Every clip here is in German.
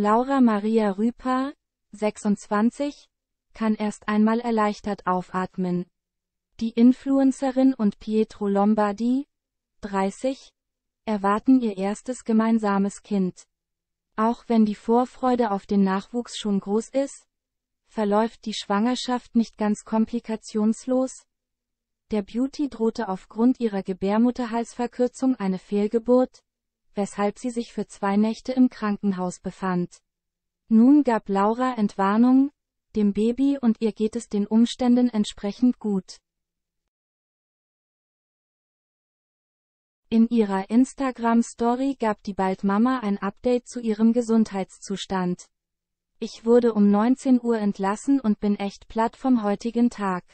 Laura Maria Rüper, 26, kann erst einmal erleichtert aufatmen. Die Influencerin und Pietro Lombardi, 30, erwarten ihr erstes gemeinsames Kind. Auch wenn die Vorfreude auf den Nachwuchs schon groß ist, verläuft die Schwangerschaft nicht ganz komplikationslos. Der Beauty drohte aufgrund ihrer Gebärmutterhalsverkürzung eine Fehlgeburt, weshalb sie sich für zwei Nächte im Krankenhaus befand. Nun gab Laura Entwarnung, dem Baby und ihr geht es den Umständen entsprechend gut. In ihrer Instagram-Story gab die bald Mama ein Update zu ihrem Gesundheitszustand. Ich wurde um 19 Uhr entlassen und bin echt platt vom heutigen Tag.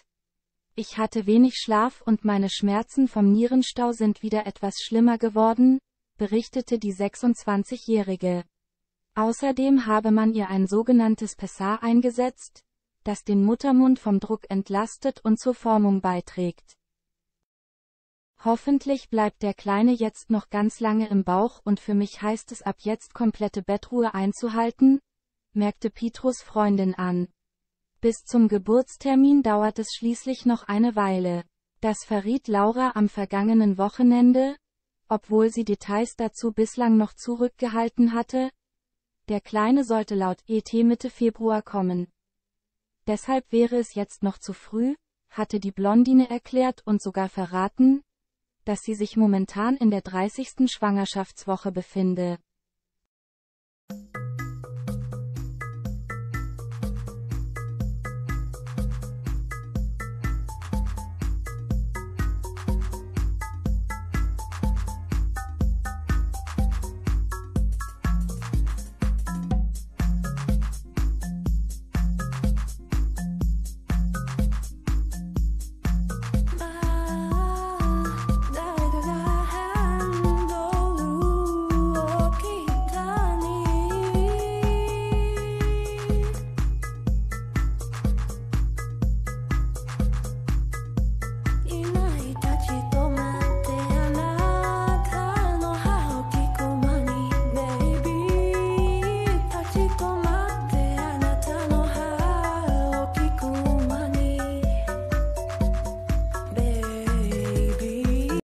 Ich hatte wenig Schlaf und meine Schmerzen vom Nierenstau sind wieder etwas schlimmer geworden, berichtete die 26-Jährige. Außerdem habe man ihr ein sogenanntes Pessar eingesetzt, das den Muttermund vom Druck entlastet und zur Formung beiträgt. Hoffentlich bleibt der Kleine jetzt noch ganz lange im Bauch und für mich heißt es ab jetzt komplette Bettruhe einzuhalten, merkte Petrus Freundin an. Bis zum Geburtstermin dauert es schließlich noch eine Weile. Das verriet Laura am vergangenen Wochenende, obwohl sie Details dazu bislang noch zurückgehalten hatte? Der Kleine sollte laut ET Mitte Februar kommen. Deshalb wäre es jetzt noch zu früh, hatte die Blondine erklärt und sogar verraten, dass sie sich momentan in der 30. Schwangerschaftswoche befinde.